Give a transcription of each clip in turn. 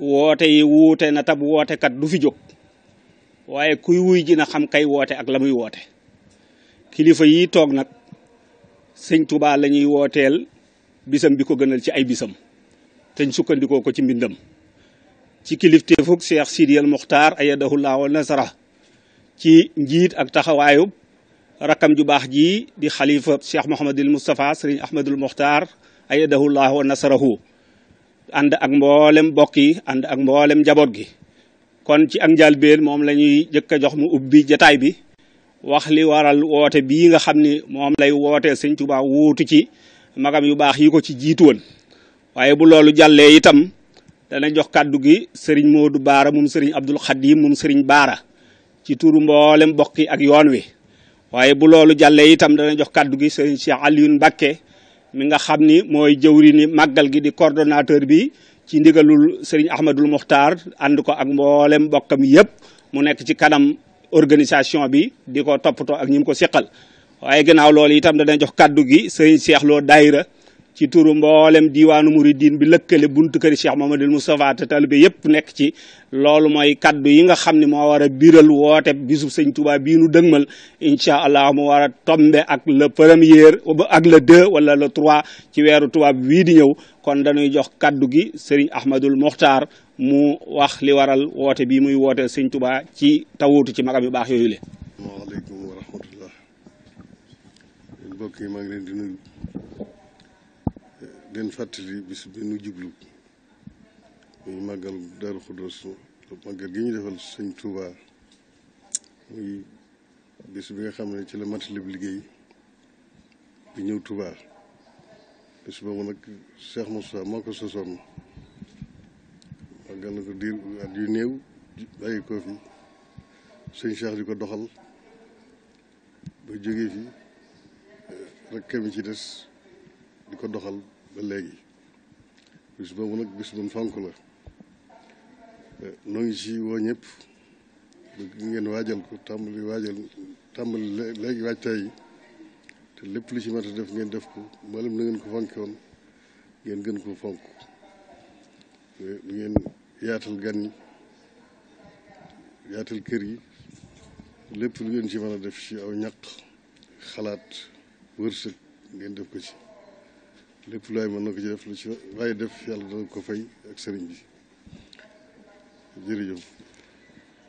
woote yi wuute na tab kat du fi jóg waaye kuy wuy ji na xam kay woote ak la woote kilifa yi toog nag sëñ Touba la wooteel bisam bi ko gënal ci ay bisam te ñu sukkandikoo ko ci mbindam ci kilifteefug Cheikh Sidiyal Muxtaar ayadahullahu wa nasara ci njiit ak taxawaayu rakam ju baax ji di xalifa Cheikh Mouhamadul Moustapha Serigne Ahmadul Muxtaar ayadahullahu wa nasarahu and ak mboolem bokk yi and ak mboolem jabot gi kon ci ak njal beel moom la ñuy jëkk a jox mu ubbi jataay bi wax li waral woote bii nga xam ni moom lay woote sëñ tubaa wuutu ci magam yu baax yi ko ci jiitu woon waaye bu loolu jàllee itam dana jox kàddu gi sëriñ moodu baara moom sëriñ abdul xadim moom sëriñ baara ci turu mboolem bokki ak yoon wi waaye bu loolu jàllee itam dana jox kàddu gi sëriñ cheikh aliyun bakke mi nga xam ni mooy jëwriñu màggal gi di coordonnateur bi ci ndigalul Serigne Ahmadul Muxtaar ànd ko ak mboolem mi yëpp mu nekk ci kanam organisation bi di ko toppatoo ak ñi mu ko seqal waaye gannaaw loolu itam dana jox kàddu gi Serigne Cheikh Lo Daayira ci turu mboolem diwaanu diin bi lëkkale buntu kër Cheikh Mamadou Moustapha te taalibe yëpp nekk ci loolu mooy kaddu yi nga xam ne moo war a biral woote bisub sëñ Touba bii nu dëgmal incha allah mu war a tombe ak le premier ak la deux wala la trois ci weeru tubaab wii di ñëw kon dañuy jox kaddu gi sëriñ Ahmadul Mokhtar mu wax li waral woote bii muy woote sëñ Touba ci tawutu ci magam yu baax yooyu le. den fàttali bis bi nu jublu muy màggal Daaru Xuddoos màggal gi ñu defal sëñ Touba muy bis bi nga xam ne ci la matalib liggéey bi ñëw Touba bis boobu nag Cheikh Moussa moo ko sosoon màggal na ko diir at yu néew ay ko fi sëñ Cheikh di ko doxal ba jógee fi rakkam ci des di ko doxal léegi bis boobu nag bis bu mu fonk la noo ngi si woo ñëpp bëgg ngeen waajal ko tàmbali waajal tàmbali léegi waajtaay yi te lépp lu ci mat a def ngeen def ko mboolem na ngeen ko fonke woon ngeen gën koo fonk bu ngeen yaatal gan yi yaatal kër yi lépp lu ngeen ci man a def ci aw ñaq xalaat wërsëg ngeen def ko ci lépp lu ay mën na ko ci def lu ci waaye def yàlla dana ko fay ak sëriñ bi jërëjëf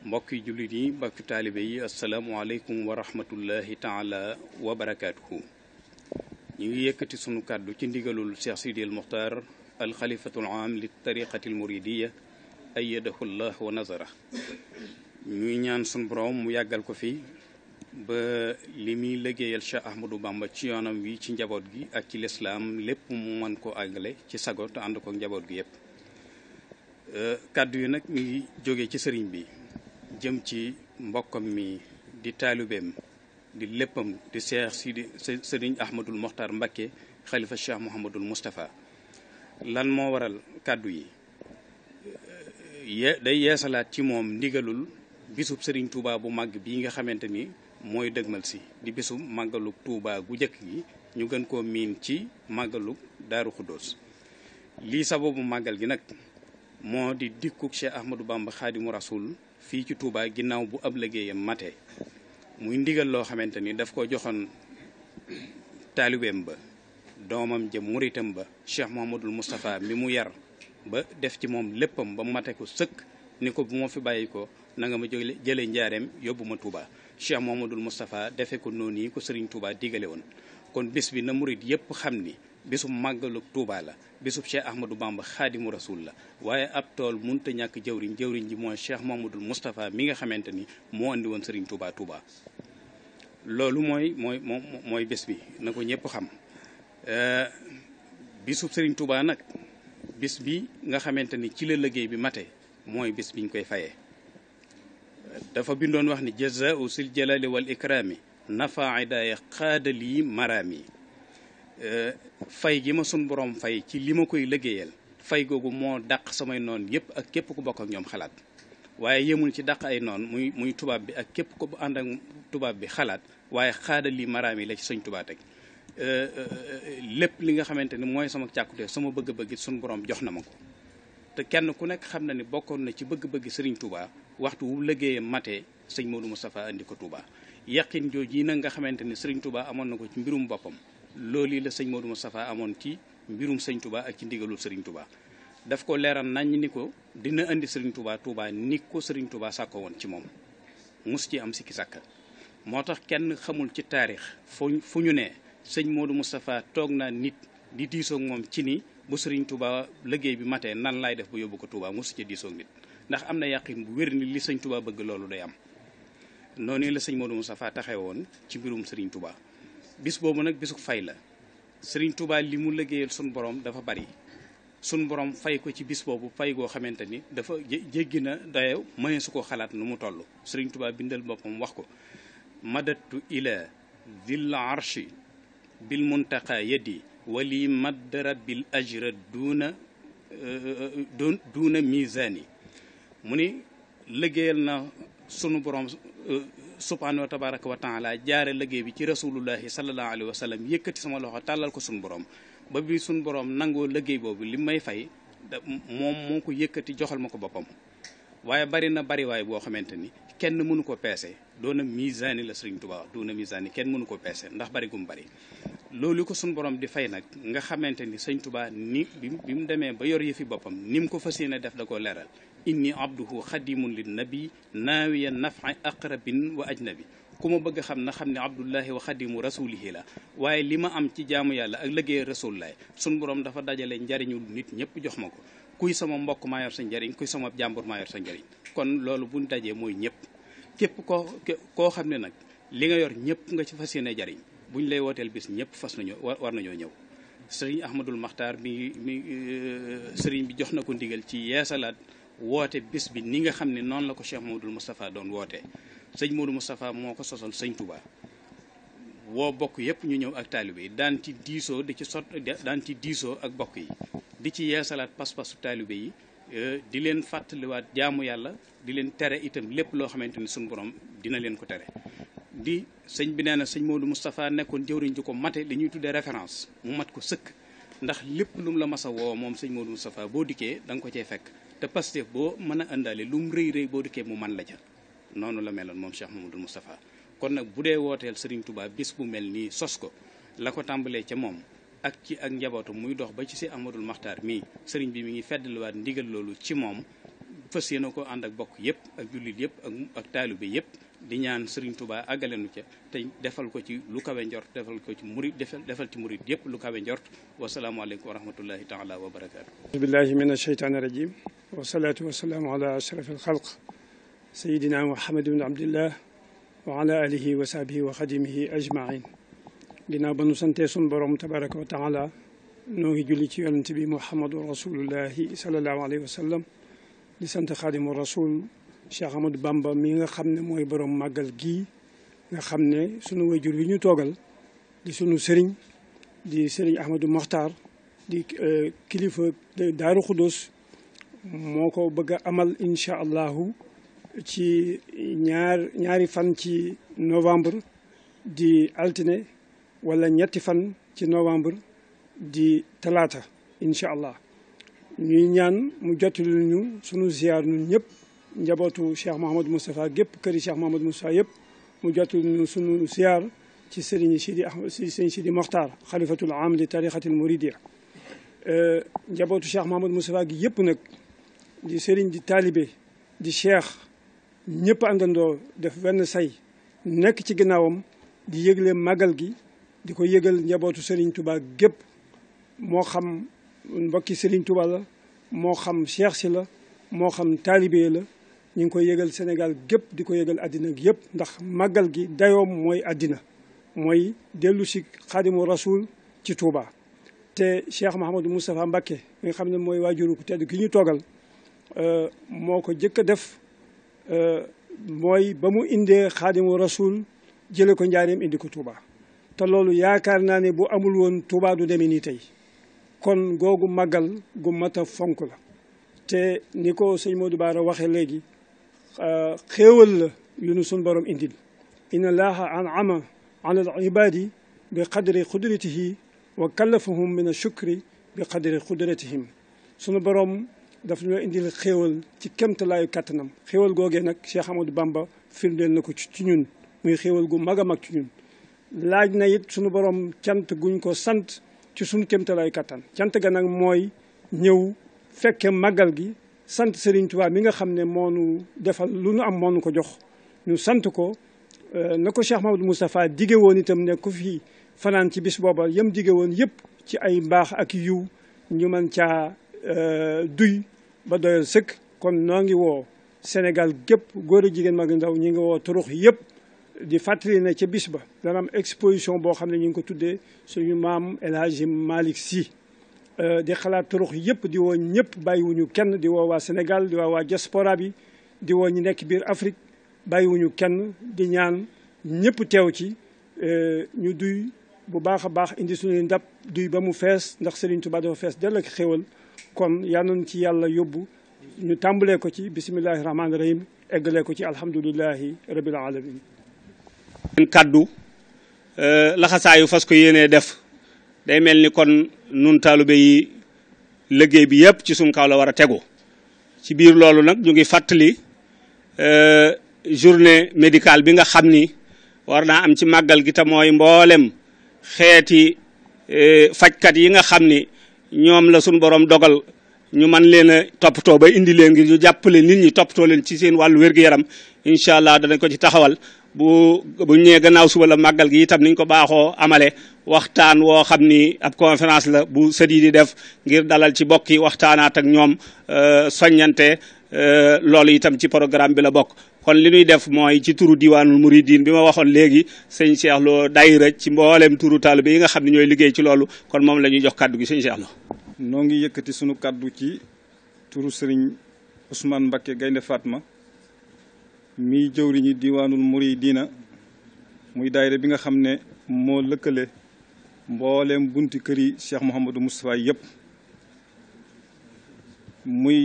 mbokki jullit yi mbokki taalibe yi asalaamualeykum wa rahmatullahi taala wa barakaatuhu ñu ngi yëkkati sunu kàddu ci ndigalul Cheikh Sidi al Muxtaar al xalifatul am li tariqati al muridiya ayyadahu llah wa nazara ñuy ñaan sunu borom mu yàggal ko fi ba li muy liggéeyal Cheikh Ahmadou Bamba ci yoonam wi ci njaboot gi ak ci lislaam lépp mu mën ko àggale ci sago te ànd ko njaboot gi yépp euh, kàddu yi nag ngi jóge ci sëriñ bi jëm ci mbokkam mi di taalibeem di léppam di Cheikh Sidi sëriñ Ahmadul Mokhtar Mbacké xalifa Cheikh Mouhamadul Moustapha lan moo waral kàddu yi euh, ye day yeesalaat ci moom ndigalul bisub sëriñ Touba bu mag bii nga xamante ni mooy dëgmal si di bisum màggalug Tuubaa gu njëkk gi ñu gën koo miin ci màggalug Daaru Xuddoos lii sababu màggal gi nag moo di dikkug Cheikh Ahmadou Bamba Xaadimu Rasul fii ci Tuubaa ginnaaw bu ab liggéeyam mate muy ndigal loo xamante ni daf ko joxoon taalibeem ba doomam ja muritam ba Cheikh Mouhamadul Moustapha mi mu yar ba def ci moom léppam ba mate ko sëkk ni ko bu ma fi bàyyi ko na nga ma jëlee njaareem yóbbu ma Tuubaa Cheikh Mouhamadoul Moustapha defe ko noonu yi ko Serigne Touba diggale woon kon bis bi na murit yépp xam ni bésub màggalug tuubaa la bésub Cheikh Ahmadou Bamba xaadimu rasul la waaye ab tool munta ñàkk jëwriñ jëwriñ ji mooy Cheikh Mouhamadoul Moustapha mi nga xamante ni moo andi woon Serigne Touba Touba loolu mooy mooy moom bés bi na ko ñëpp xam euh, bisub sëriñ Touba nag bis bi nga xamante ni ci la liggéey bi mate mooy bis biñ koy fayee dafa bindoon wax ni jaza u sil jalali wal ikrami nafa idaaya xaadalii maraam yi fay gi ma sun boroom fay ci li ma koy liggéeyal fay googu moo daq samay noon yépp ak képp ku bokk ak ñoom xalaat waaye yemul ci dàq ay noon muy muy tubaab bi ak képp ku ànd ak tubaab bi xalaat waaye xaadalii maraam yi la ci sëñ tubaa lépp li nga xamante ni mooy sama càkkute sama bëgg-bëgg it sunu borom jox na ma ko te kenn ku nekk xam na ni bokkoon na ci bëgg-bëgg Serigne Touba waxtu wu liggéeyee matee sëñ Modou Moustapha indi ko Touba yaqin jooju yi nag nga xamante ne sëriñ Touba amoon na ko ci mbirum boppam loolu la sëñ Modou Moustapha amoon ci mbirum sëñ ak ci ndigalul sëriñ Touba ko leeral nañ ni ko dina andi sëriñ Touba Touba ni ko sëriñ Touba sàkko woon ci moom mus ci am sikki sàkka moo tax kenn xamul ci taarix fu fu ñu ne sëñ Modou Moustapha toog naa nit di diisoog moom ci ni bu sëriñ Touba liggéey bi matee nan laay def bu yóbbu ko Touba mosu ci diisoog nit ndax am na yàqin bu wér ni li sëñ Touba bëgg loolu day am noonu la sëñ Modou Moustapha taxee woon ci mbirum sëriñ Touba bis boobu nag bisu fay la sëriñ tubaa li mu liggéeyal suñu boroom dafa bari suñu borom fay ko ci bis boobu fay goo xamante ni dafa jéggi na dayo mënee su ko xalaat nu mu toll sëriñ tubaa bindal boppam wax ko madatu ila dil arshi bil muntaqa yadi wali madd rabbil ajra duuna euh, euh, euh, duuna misaani mu ni liggéeyal na sunu borom euh, subhaanahu wa tabaraka wa taala jaare liggéey bi ci rasulullahi sallallahu alayhi wa sallam yëkkati sama loxo tàllal ko sunu borom ba bi sunu borom nangoo liggéey boobu li may fay moom moo ko yëkkati joxal ma ko boppam waaye bari na bariwaay boo xamante ni kenn mënu ko peese doona misaani la Sëriñ Tuubaa doona misaani kenn mënu ko peese ndax bari gum bari loolu ko suñu boroom di fay nag nga xamante ni sëñ Tuubaa ni bi mu demee ba yor yëfi boppam ni mu ko fas yéene def da koo leeral inni abduhu xadimun lin nabi naawiya nafa aqrabin wa ajnabi ku ma bëgg xam na xam ne abdullahi wa xadimu rasulihi la waaye li ma am ci jaamu yàlla ak liggéey rasulullahi suñu borom dafa dajale njariñu nit ñëpp jox ma ko kuy sama mbokk maa yor sa njariñ kuy sama jàmbur maa yor sa njariñ kon loolu buñ dajee mooy ñëpp képp koo koo xam ne nag li nga yor ñëpp nga ci fas yéene jariñ bu buñ lay wooteel bis ñëpp fas nañoo war nañoo ñëw sëriñ Ahmadul Maxtaar mi mi euh, sëriñ bi jox na ko ndigal ci yeesalaat woote bis bi ni nga xam ne noonu la ko Cheikh Modou Moustapha doon woote sëñ Modou Moustapha moo ko sosal sëñ Touba woo bokk yëpp ñu ñëw ak taalibe yi daan ci diisoo di ci sot daan ci diisoo ak bokk yi di ci yeesalaat pas-pasu taalibe yi euh, di leen fàttaliwaat jaamu yàlla di leen tere itam lépp loo xamante ni suñu borom dina leen ko tere di sëñ bi nee na sëñ Modou Moustapha nekkoon jëwriñ ji ko mate dañuy tuddee référence mu mat ko sëkk ndax lépp lum la mas a woo moom sëñ Modou Moustapha boo dikkee da nga ko cee fekk te Pastef boo mën a indaale lu mu rëy rëy boo dikkee mu man la ca noonu la meloon moom Cheikh Mamadou Moustapha kon nag bu dee wooteel Serigne tubaab bis bu mel nii sos ko la ko tàmbalee ca moom ak ci ak njabootu muy dox ba ci si Amadou Maxtaar mii Serigne bi mu ngi feddaliwaat ndigal loolu ci moom fas yéene ko ànd ak bokk yëpp ak jullit yëpp ak ak taalibe yëpp di ñaan Serigne Touba agalenu ci te defal ko ci lu kawe njort defal ko ci mourid defal defal ci mourid yëpp lu kawe wa njort alaykum wa rahmatullahi taala wa barakatuh billahi minash ashaytaani rajim wa salatu wa salam ala ashrafil khalq sayidina Muhammad ibn abdullah wa ala alihi wa sahbihi wa khadimihi ajmain dina ba nu santee sun borom tabaraka wa taala no ngi julli ci yonent bi muhammadur rasulullah sallallahu alayhi wa sallam di sant khadimur rasul Cheikh Amadou Bamba mi nga xamne moy borom magal gi nga xamne sunu wayjur bi ñu togal di sunu sëriñ di serigne Ahmadou Mokhtar di kilifa Daaru Xudus moko bëgg amal insha allah ci ñaar ñaari fan ci novembre di altine wala ñetti fan ci novembre di talata insha allah ñuy ñaan mu jottali ñu sunu ziar ñun ñëpp. njabootu Cheikh Mouhamadou Moustapha gépp këri Cheikh Mouhamadou Moustapha yëpp mu ñu sunu siyaar ci sëriñ Sidi Ahmad sëriñ Sidi Mokhtar xalifatul am li tariqati tarixatil muridiya njabootu Cheikh Mouhamadou Moustapha gi yëpp nag di sëriñ di talibé di cheikh ñëpp àndandoo def benn say nekk ci ginnaawam di yëgle magal gi di ko yëgal njabootu sëriñ Touba gépp moo xam mbokki sëriñ Touba la moo xam cheikh si la moo xam taalibe la ñu ngi koy yëgal Sénégal gépp di ko yëgal àddina gi yëpp ndax màggal gi dayoom mooy àddina mooy dellu si xaadimu rasul ci Touba. te Cheikh Mouhamadou Moustapha Mbacké mi nga xam ne mooy waajuru ku tedd gi ñu toogal euh, moo ko jëkk a def euh, mooy ba mu indee xaadimu rasul jële ko njaareem indi ko Touba. te loolu yaakaar naa ne bu amul woon Touba du demee nii tey kon googu màggal gu mat a fonk la te ni ko sëñ Modou Bara waxee léegi xéewal la yu nu suñ borom indil inna allaha an'ama ala al-ibadi bi qadri qudratihi wa kallafahum min ash-shukri bi qadri qudratihim sunu borom daf ñoo indil xéewal ci kemtalaayu kattanam xéewal googee nag Cheikh Amadou Bamba firndeel na ko ci ñun muy xéewal gu mag a mag ci ñun laaj na it sunu borom cant guñ ko sant ci sunu kemtalaayu kattan cant ga nag mooy ñëw fekke màggal gi sant Serigne Touba mi nga xam ne moo nu defal lu nu am moo nu ko jox ñu sant ko euh, na ko Cheikh Mamadou Moustapha dige woon itam ne ku fi fanaan ci bis booba yëm dige woon yëpp ci ay mbaax ak yiw ñu man caa euh, duy ba doyal sëkk kon noo ngi woo Sénégal gépp góor a jigéen mag ndaw ñi ngi woo turux yëpp di fàttali ne ca bis ba dana am exposition boo xam ne ñu ngi ko tuddee suñu maam El Hadji Malick Sy di xalaat turux yëpp di woo ñëpp bàyyiwuñu kenn di woo waa Sénégal di woo waa diaspora bi di woo ñu nekk biir Afrique bàyyiwuñu kenn di ñaan ñëpp teew ci ñu duy bu baax a baax indi suñu ndab duy ba mu fees ndax Serigne Touba dafa fees dell ak xéwal kon yal nañu ci yàlla yóbbu ñu tàmbalee ko ci bisimilahi rahmaani rahim eggalee ko ci alhamdulilahi rabil alamin kàddu laxasaayu fas ko yéenee def day mel ni kon nun taalube yi liggéey bi yëpp ci suñ la war a tegu ci biir loolu nag ñu ngi fàttali euh, journée médical bi nga xam ni war naa am ci màggal gi te mooy mboolem xeeti euh, fajkat yi nga xam ni ñoom la suñ borom dogal ñu man leen a toppatoo ba indi leen ngir ñu jàppale nit ñi toppatoo leen ci seen wàllu wér-gu-yaram incha allah danañ ko ci taxawal bu buñ ñëwee gannaaw suba la màggal gi itam niñ ko baaxoo amale waxtaan woo xam ni ab conférence la bu sët yi di def ngir dalal ci bokk yi waxtaanaat ak ñoom euh, soññante euh, loolu itam ci programme bi la bokk kon li ñuy def mooy ci turu diwaanul muridin bi ma waxoon léegi sëñ Cheikh Lo daayira ci mboolem turu taalibe yi nga xam ne ñooy liggéey ci loolu kon moom lañuy jox kàddu gi sëñ Cheikh Lo noo ngi yëkkati sunu kàddu ci turu sëriñ Ousmane Mbakke Gaynde Fatma mii yi diwaanul muridina muy daayira bi nga xam ne moo lëkkale mbooleem bunti kër yi Cheikh Mouhamadou Moustapha yëpp muy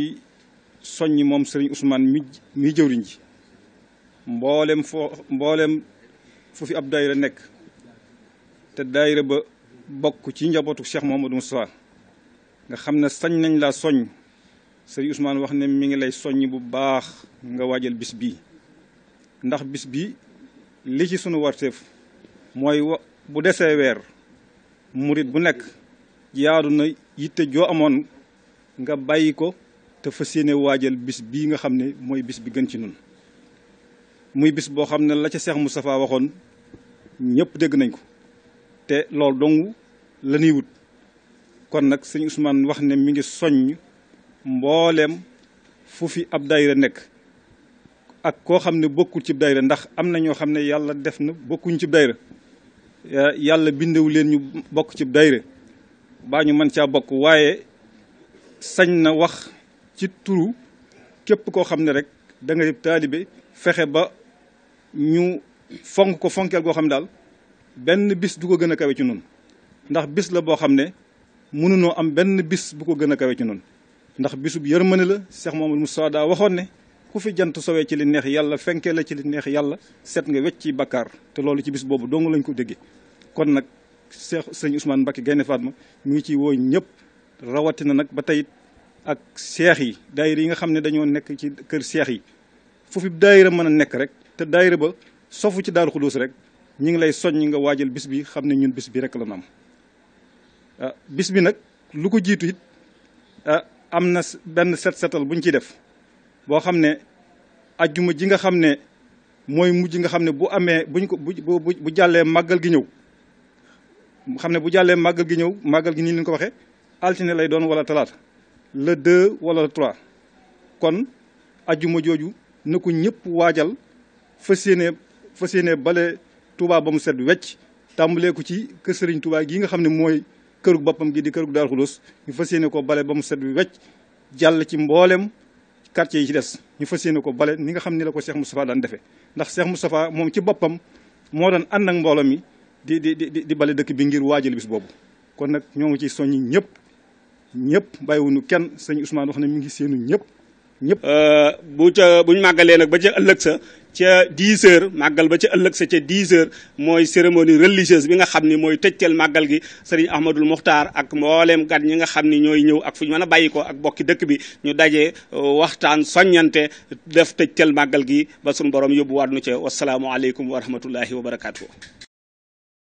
soññ moom sëriñ usmaan muy mii jëwriñ ji mbooleem foo mbooleem fu fi ab daayira nekk te daayira ba bokk ci njabootu Cheikh Mouhamadou Moustapha nga xam ne sañ nañ laa soññ sëriñ Ousmane wax ne mi ngi lay soññ bu baax nga waajal bis bii ndax bis bi li ci sunu warteef mooy wa bu desee weer murit bu nekk yaadu na yitte joo amoon nga bàyyi ko te fas yéene waajal bis bii nga xam ne mooy bis bi gën ci nun muy bis boo xam ne la ca Seex Moustapha waxoon ñëpp dégg nañ ko te lool dong la ñuy wut kon nag sëñ Ousmane wax ne mi ngi soññ mbooleem fu fi ab daayira nekk ak koo xam ne bokkul ci dayra ndax am na ñoo xam ne yàlla def na bokkuñ ci dayra yàlla bindewu leen ñu bokk ci dayra baa ñu mën caa bokk waaye sañ na wax ci turu képp koo xam ne rek dangay taalibe fexe ba ñu fonk ko fonkeel goo xam ne daal benn bis du ko gën a kawe ci noonu ndax bis la boo xam ne mënunoo am benn bis bu ko gën a kawe ci noonu waxoon ne ku fi jant sowee ci li neex yàlla fenkee la ci li neex yàlla set nga wecc ci bakkaar te loolu ci bis boobu dong lañ ko déggee kon nag Cheikh sëñ Ousmane Mbacké Gaïndé ma mu ngi ciy woo ñëpp rawatina nag ba tey ak seex yi daayira yi nga xam ne dañoo nekk ci kër seex yi fu fi daayira mën a nekk rek te daayira ba sofu ci Daaru Xudoos rek ñi ngi lay soññ nga waajal bis bi xam ne ñun bis bi rek la am ah bis bi nag lu ko jiitu it ah am na benn set setal buñ ciy def boo xam ne ajjuma ji nga xam ne mooy mujj nga xam ne bu amee buñ ko bu bu jàllee màggal gi ñëw xam ne bu jàllee màggal gi ñëw màggal gi nii leen ko waxee altine lay doon wala talaata le 2 wala le kon ajjuma jooju ne ko ñëpp waajal fas yéene fas yéene bale Touba ba mu set wecc tàmbalee ko ci kër Serigne Touba gi nga xam ne mooy kërug boppam gi di kërug Darou Khoudoss ñu fas yéene ko bale ba mu set wecc jàll ci mbooleem quartier yi ci des ñu fa yéene ko bale ni nga xam ni la ko Cheikh Moustapha daan defee ndax Cheikh Moustapha moom ci boppam moo doon ànd ak mbooloo mi di di di di bale dëkk bi ngir waajal bis boobu kon nag ci ngi ciy soññi ñëpp ñëpp bàyyiwuñu kenn sëñ Ousmane wax ne mu ngi séenu ñëpp ñëpp euh, bu ca buñ màggalee nag ba ca ëllëg sa ca 10 heures màggal ba ca ëllëg sa ca 10 heures mooy cérémonie religieuse bi nga xam ni mooy tëjteel màggal gi sëriñ Ahmadul Muxtaar ak mbooleem gan ñi nga xam ni ñooy ñëw ak fu ñu mën a bàyyi ko ak bokki dëkk bi ñu dajee euh, waxtaan soññante def tëjteel màggal gi ba suñu borom yóbbu waat nu ca wasalaamualeykum wa rahmatullahi wa barakaatu.